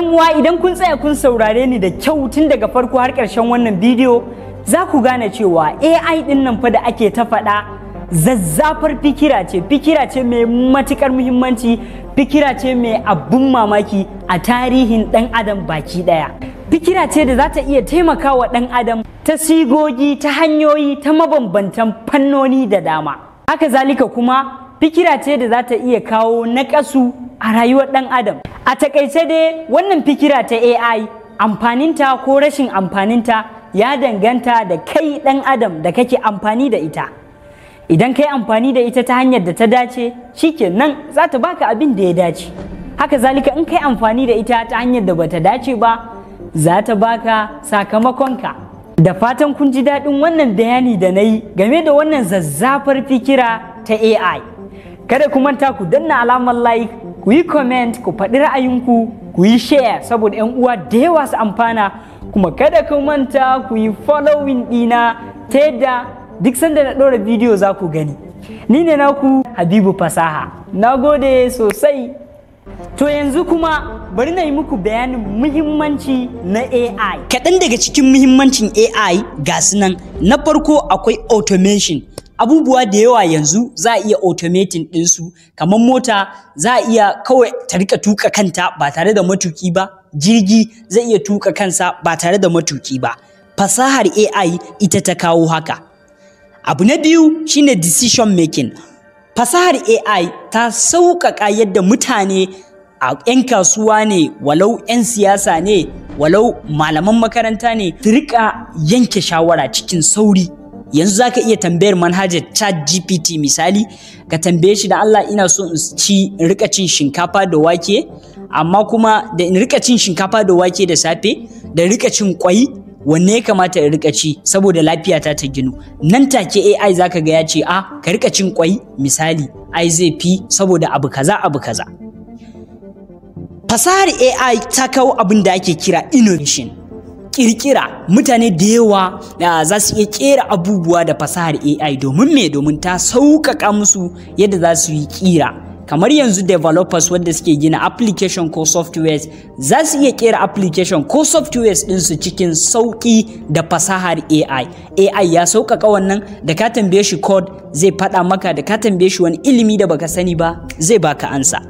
'yan uwa idan kun tsaya kun saurare ni da kyau tun daga farko har ƙarshen wannan bidiyo za ku gane cewa AI ɗin nan fa da ake ta faɗa zazzafar fikira ce fikira ce mai matuƙar muhimmanci fikira ce mai abun mamaki a tarihin ɗan adam baki ɗaya fikira ce da za ta iya taimakawa ɗan adam ta sigogi ta hanyoyi ta mabambantan fannoni da dama haka zalika kuma fikira ce da za ta iya kawo naƙasu a rayuwar ɗan adam a takaice dai wannan fikira ta ai amfaninta ko rashin amfaninta ya danganta da kai ɗan adam da kake amfani da ita idan kai amfani da ita ta hanyar da ta dace shikenan za ta baka abin da ya dace haka zalika in kai amfani da ita ta hanyar da bata dace ba za ta baka sakamakonka da fatan kun ji daɗin wannan bayani da na yi game da wannan zazzafar fikira ta ai kada ku manta ku danna alamar like ku yi comment ku faɗi ra'ayinku ku yi share saboda 'yan uwa da yawa su amfana kuma kada ku manta ku yi following ɗina ta yadda duk sanda na ɗora bidiyo za ku gani ni ne naku habibu fasaha na gode sosai To yanzu kuma bari na yi muku bayanin muhimmanci na AI. Kaɗan daga cikin muhimmancin AI ga nan na farko akwai automation abubuwa da yawa yanzu za a iya automating ɗinsu kamar mota za a iya kawai ta rika tuka kanta ba tare da matuki ba jirgi zai iya tuka kansa ba tare da matuki ba fasahar AI ita ta kawo haka abu na biyu shine decision making fasahar AI ta sauƙaƙa yadda mutane a 'yan kasuwa ne walau 'yan siyasa ne walau malaman makaranta ne su rika yanke shawara cikin sauri yanzu za ka iya tambayar manhajar chat gpt misali ka tambaye shi da allah ina so in ci in rika cin shinkafa da wake amma kuma da in rika cin shinkafa da wake da safe da rika cin kwai wanne ya kamata in rika ci saboda lafiyata ta ginu nan take ai zaka ga ya ce a ah, ka rika cin kwai misali ai zai fi saboda abu kaza abu kaza fasahar ai ta kawo abin da ake kira innovation kirkira mutane da yawa za su iya kera abubuwa da fasahar AI domin me domin ta sauƙaƙa musu yadda za su yi kira kamar yanzu developers wadda suke gina application ko softwares za su iya kera application ko softwares su cikin sauƙi da fasahar AI. AI ya sauƙaƙa wannan da ka tambaye shi code zai faɗa maka da ka tambaye shi wani ilimi da baka sani ba zai baka ansa.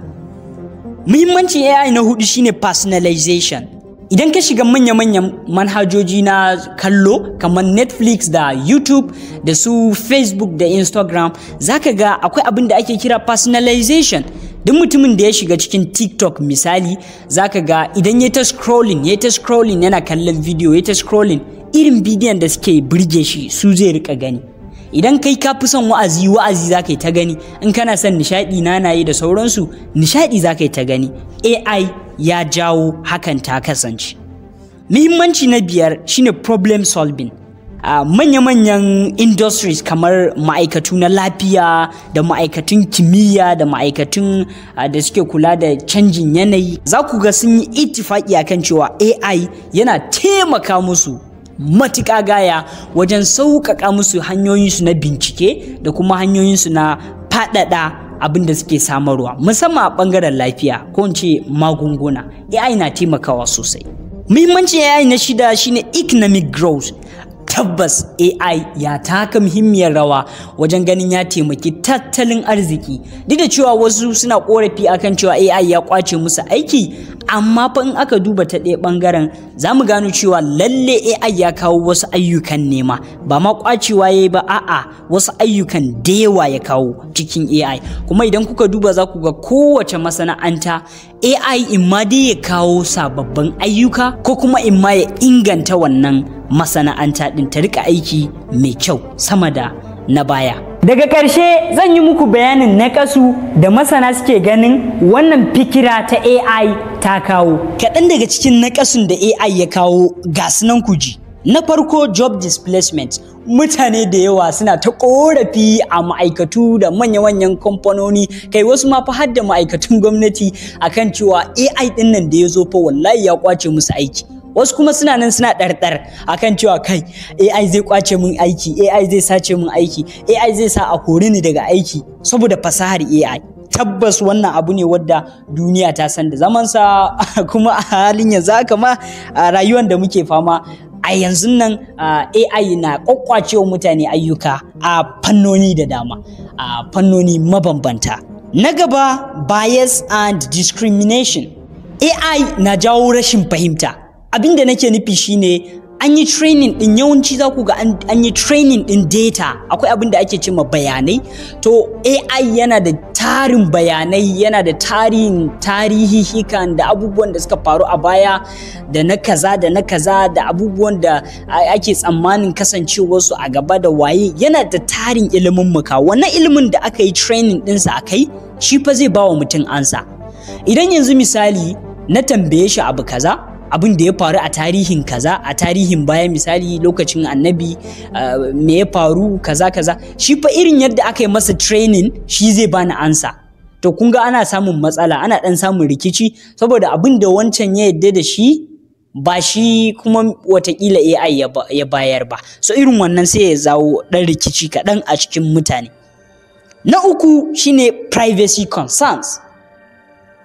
Muhimmancin AI na hudu shine personalization. idan ka shiga manya-manyan manhajoji na kallo kamar netflix da youtube da su facebook da instagram za ka ga akwai abin da ake kira personalization duk mutumin da ya shiga cikin tiktok misali za ka ga idan ya ta scrolling ya ta scrolling yana kallon video ya ta scrolling irin bidiyon da suke birge shi su zai rika gani idan kai ka fi son wa'azi wa'azi za ka yi ta gani in kana son nishaɗi nanaye da sauransu nishaɗi za ka yi ta gani ai ya jawo hakan ta kasance muhimmanci na biyar shine problem solving uh, manya-manyan industries kamar ma'aikatu na lafiya da ma'aikatun kimiyya da ma'aikatun uh, da suke kula da canjin yanayi za ku ga sun yi itifaki akan cewa ai yana taimaka musu matuƙa gaya wajen sauƙaƙa musu hanyoyinsu na bincike da kuma hanyoyinsu na faɗaɗa abin da suke samarwa musamman a bangaren lafiya ko in ce magunguna AI na taimakawa sosai. Muhimmancin AI na shida shine economic growth tabbas AI ya taka muhimmiyar rawa wajen ganin ya taimaki tattalin arziki. Duk da cewa wasu suna korafi akan cewa AI ya kwace musu aiki, amma fa in aka duba ta ɗaya ɓangaren za mu gano cewa lalle AI ya kawo wasu ayyukan nema ba ma kwacewa ya ba a'a wasu ayyukan da yawa ya kawo cikin AI. Kuma idan kuka duba za ku ga kowace masana'anta AI in ma dai ya kawo sababbin ayyuka ko kuma in ma ya inganta wannan masana'anta ɗin ta rika aiki mai kyau sama da na baya. Daga ƙarshe zan yi muku bayanin na ƙasu da masana suke ganin wannan fikira ta AI ta kawo. Kaɗan daga cikin na da AI ya kawo ga sunan kuji. Na farko job displacement mutane da yawa suna ta korafi a ma'aikatu da manya-manyan kamfanoni kai wasu ma fa har da ma'aikatun gwamnati akan cewa AI din nan da ya zo fa wallahi ya kwace musu aiki wasu kuma suna nan suna ɗarɗar akan cewa kai AI zai kwace min aiki AI zai sace min aiki AI zai sa a kori ni daga aiki saboda fasahar AI tabbas wannan abu ne wadda duniya ta san da zamansa kuma a halin yanzu haka ma a rayuwar da muke fama a yanzu nan AI na kwakwacewa mutane ayyuka a fannoni da dama a fannoni mabambanta na gaba bias and discrimination AI na jawo rashin fahimta abin da nake nufi shine an yi training din yawanci za ku ga an yi training din data akwai abin da ake cewa bayanai to ai yana da tarin bayanai yana da tarin tarihi hikan da abubuwan da suka faru a baya da na kaza da na kaza da abubuwan da ake tsammanin kasancewarsu a gaba da waye yana da tarin ilimin muka wannan ilimin da aka yi training dinsa a kai shi fa zai ba wa mutum ansa idan yanzu misali na tambaye shi abu kaza abin da ya faru a tarihin kaza a tarihin baya misali lokacin annabi eh, me ya faru kaza kaza shi fa irin yadda aka yi masa training shi zai bani ansa to kun ga ana samun matsala ana dan samun rikici saboda abin da wancan ya yadda da shi ba shi kuma watakila AI ya bayar ba so irin wannan sai ya zawo dan rikici kaɗan a cikin mutane na uku shine privacy concerns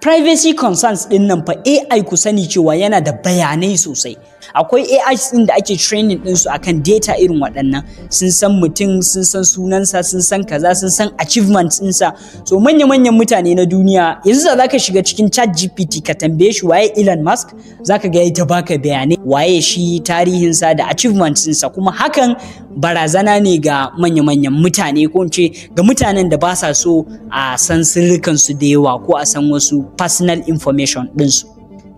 privacy concerns din nan fa AI ku sani cewa yana da bayanai sosai akwai AI din da ake training din su akan data irin waɗannan sun san mutum sun san sunansa sun san kaza sun san achievements ɗinsa so manya-manyan mutane na duniya yanzu da zaka shiga cikin ChatGPT ka tambaye shi waye Elon Musk zaka ga ya ta baka bayanai waye shi tarihin sa da achievements ɗinsa kuma hakan barazana ne ga manya-manyan mutane ko ce ga mutanen da ba sa so a san sirrikansu da yawa ko a san wasu personal information ɗinsu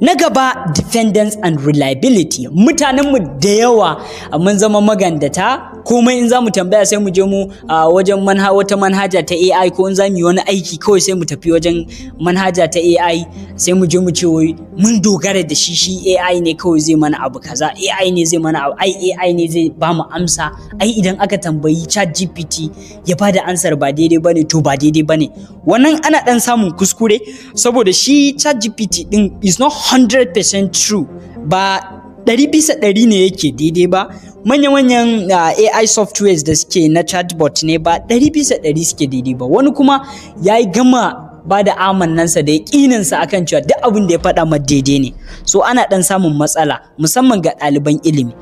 Na gaba defendants and reliability mutanenmu da yawa mun zama magandata komai in za mu tambaya sai mu je mu wajen manha wata manhaja ta AI ko in za mu yi wani aiki kawai sai mu tafi wajen manhaja ta AI sai mu je mu ce wai mun dogara da shi shi AI ne kawai zai mana abu kaza AI ne zai mana abu ai AI ne zai ba mu amsa ai idan aka tambayi chat GPT ya ba da ansar ba daidai bane to ba daidai bane wannan ana ɗan samun kuskure saboda shi chat GPT din is not 100% true ba ɗari bisa ɗari ne yake daidai ba manya-manyan uh, ah, AI softwares da suke na chatbot ne ba ɗari bisa ɗari suke daidai ba wani kuma ya yi gama ba da amannansa da yaƙininsa akan cewa duk abin da ya faɗa ma daidai ne so ana ɗan samun matsala musamman ga ɗaliban ilimi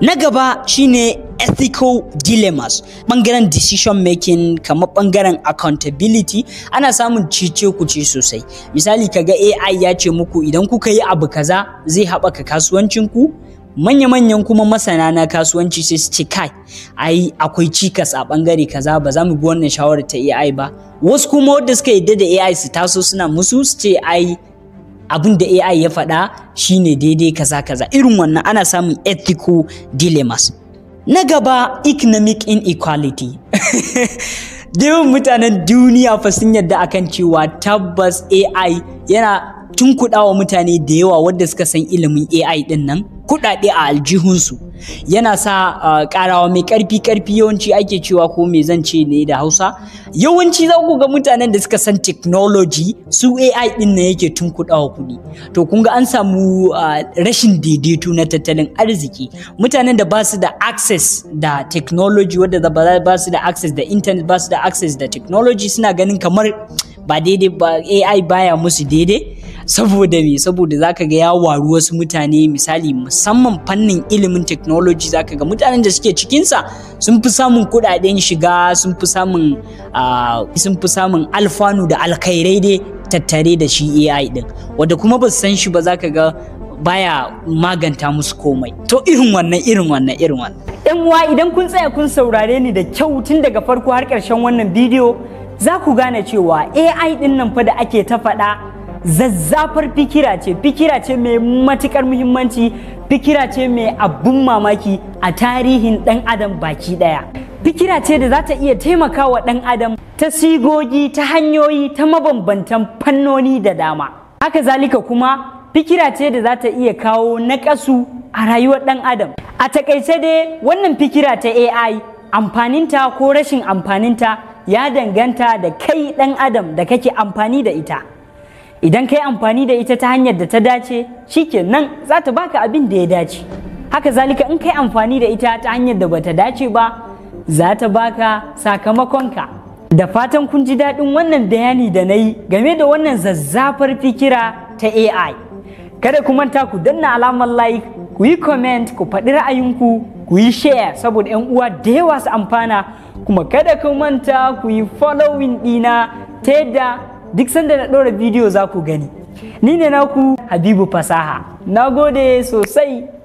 na gaba shine ethical dilemmas bangaren decision making kamar bangaren accountability ana samun cice kuce sosai misali kaga AI ya ce muku idan kuka yi abu kaza zai haɓaka kasuwancinku manya-manyan kuma masana na kasuwanci sai su ce kai ai akwai cikas a bangare kaza ba za mu bi wannan shawarar ta AI ba wasu kuma wanda suka yadda da AI su taso suna musu su ce ai abin da AI ya faɗa shine daidai kaza kaza irin wannan ana samun ethical dilemmas na gaba economic inequality yawan mutanen duniya fa sun yarda akan cewa tabbas ai yana tunkuɗawa mutane da yawa wadda suka san ilimin ai ɗin nan kuɗaɗe a aljihunsu yana sa ƙarawa mai ƙarfi ƙarfi yawanci ake cewa ko me zan ce ne da hausa yawanci za ku ga mutanen da suka san technology su ai din na yake tun kuɗawa kuɗi to kun ga an samu rashin daidaito na tattalin arziki mutanen da ba su da access da technology wadda ba su da access da internet ba su da access da technology suna ganin kamar ba daidai ba ai baya musu daidai saboda me saboda zaka ga ya waru wasu mutane misali musamman fannin ilimin technology zaka ga mutanen da suke cikinsa sun fi samun kuɗaɗen shiga sun fi samun alfanu da alkhairai dai tattare da shi AI din wanda kuma ba san shi ba zaka ga baya maganta musu komai to irin wannan irin wannan irin wannan yan uwa idan kun tsaya kun saurare ni da kyau tun daga farko har ƙarshen wannan bidiyo za ku gane cewa AI din nan fa da ake ta faɗa zazzafar fikira ce fikira ce mai matukar muhimmanci fikira ce mai abun mamaki a tarihin ɗan adam baki ɗaya fikira ce da za ta iya taimakawa ɗan adam ta sigogi ta hanyoyi ta mabambantan fannoni da dama haka zalika kuma fikira ce da za ta iya kawo naƙasu a rayuwar ɗan adam a takaice dai wannan fikira ta ai amfaninta ko rashin amfaninta ya danganta da kai ɗan adam da kake amfani da ita idan ka yi amfani da ita ta hanyar da ta dace nan za ta baka abin da ya dace haka zalika in ka yi amfani da ita ta hanyar da bata dace ba za ta baka sakamakonka da fatan kun ji daɗin wannan bayani da na yi game da wannan zazzafar fikira ta ai kada ku manta ku danna alamar like ku yi comment ku faɗi ra'ayinku ku yi share saboda 'yan uwa da yawa su amfana kuma kada ku manta ku yi following ɗina ta yadda duk sanda na ɗora bidiyo za ku gani ni ne naku habibu fasaha na gode sosai